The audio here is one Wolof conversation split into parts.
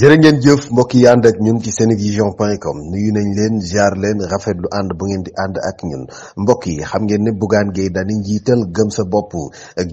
jërë ngeen jëf mbokk yi ànd ak ñun ci seen senevision point com nuyu nañ leen jaar leen rafetlu ànd bu ngeen di ànd ak ñun mbokk yi xam ngeen ne Bougane Gueye Dany njiital gëm sa bopp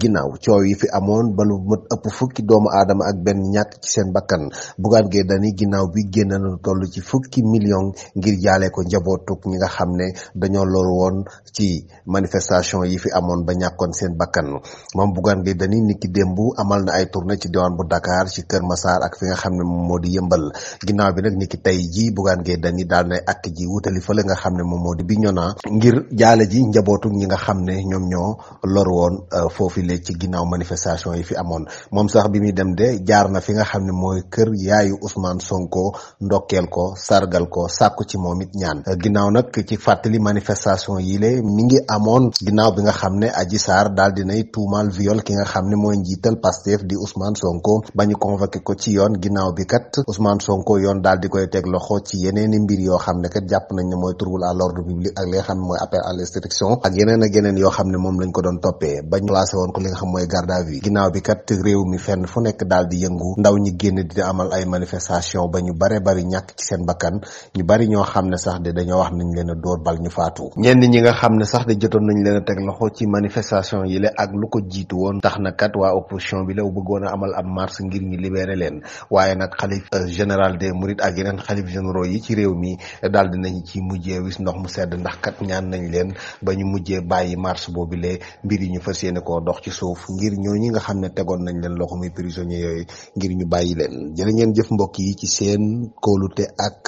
ginnaaw coow yi fi amoon ba lu mët ëpp fukki doomu aadama ak benn ñàkk ci seen bakkan Bougane Gueye Dany ginnaaw bi génn na lu toll ci fukki million ngir jaale ko njabootuk ñi nga xam ne dañoo loolu woon ci manifestation yi fi amoon ba ñàkkoon seen bakkan moom Bougane Gueye Dany niki démb amal na ay tournée ci diwaan bu Dakar ci Kër Massar ak fi nga xam ne moom di yëmbal ginnaaw bi nag ni ki tey ji Bougane Gueye Dany daal na ak ji wutali fële nga xam ne moom moo di Bignona ngir jaale ji njabootu ñi nga xam ne ñoom ñoo lor woon euh, foofu ci ginnaaw manifestation yi fi amoon moom sax bi muy dem de jaar na fi nga xam ne mooy kër yaayu Ousmane Sonko ndokkeel ko sargal ko sàkku ci moom it ñaan euh, ginnaaw nag ci fàttali manifestation yi le mi ngi amoon ginnaaw bi nga xam ne Adji Sarr daal nay tuumaal viol ki nga xam ne mooy njiital Pastef di usmaan Sonko ba ñu ko ci yoon ginnaaw bi kat enquête Ousmane Sonko yoon daal di koy teg loxo ci yeneeni mbir yoo xam ne kat jàpp nañ ne mooy trouble à l'ordre public ak li ak yeneen ak yeneen yoo xam ne moom lañ ko doon toppee bañ placé woon ko li nga bi kat réew mi fenn fu nekk daal di yëngu ndaw ñi génn di amal ay manifestation ba ñu bare bari ñàkk seen bakkan ñu bari ñoo xam ne sax de dañoo wax nañ leen a dóor bal ñu faatu ñenn ñi nga xam ne sax de jotoon nañ leen a teg loxo ci manifestation yi la ak lu ko jiit woon tax na kat waa opposition bi la bëggoon a amal ab mars ngir ñi libéré leen waaye nag xale Euh, général de mourides ak yeneen xalif généraux yi ci réew mi daldi dinañ ci mujjee wis ndox mu sedd ndax kat ñaan nañ leen ba ñu mujjee bàyyi mars boobilee mbir yi ñu fas yéene koo dox ci suuf ngir ñooñi nga xam ne tegoon nañ leen loxo muy prisonniers yooyu ngir ñu bàyyi leen jërë ngeen jëf mbokk yi ci seen kóolute ak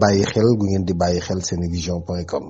bàyyi xel gu ngeen di bàyyi xel senevision point com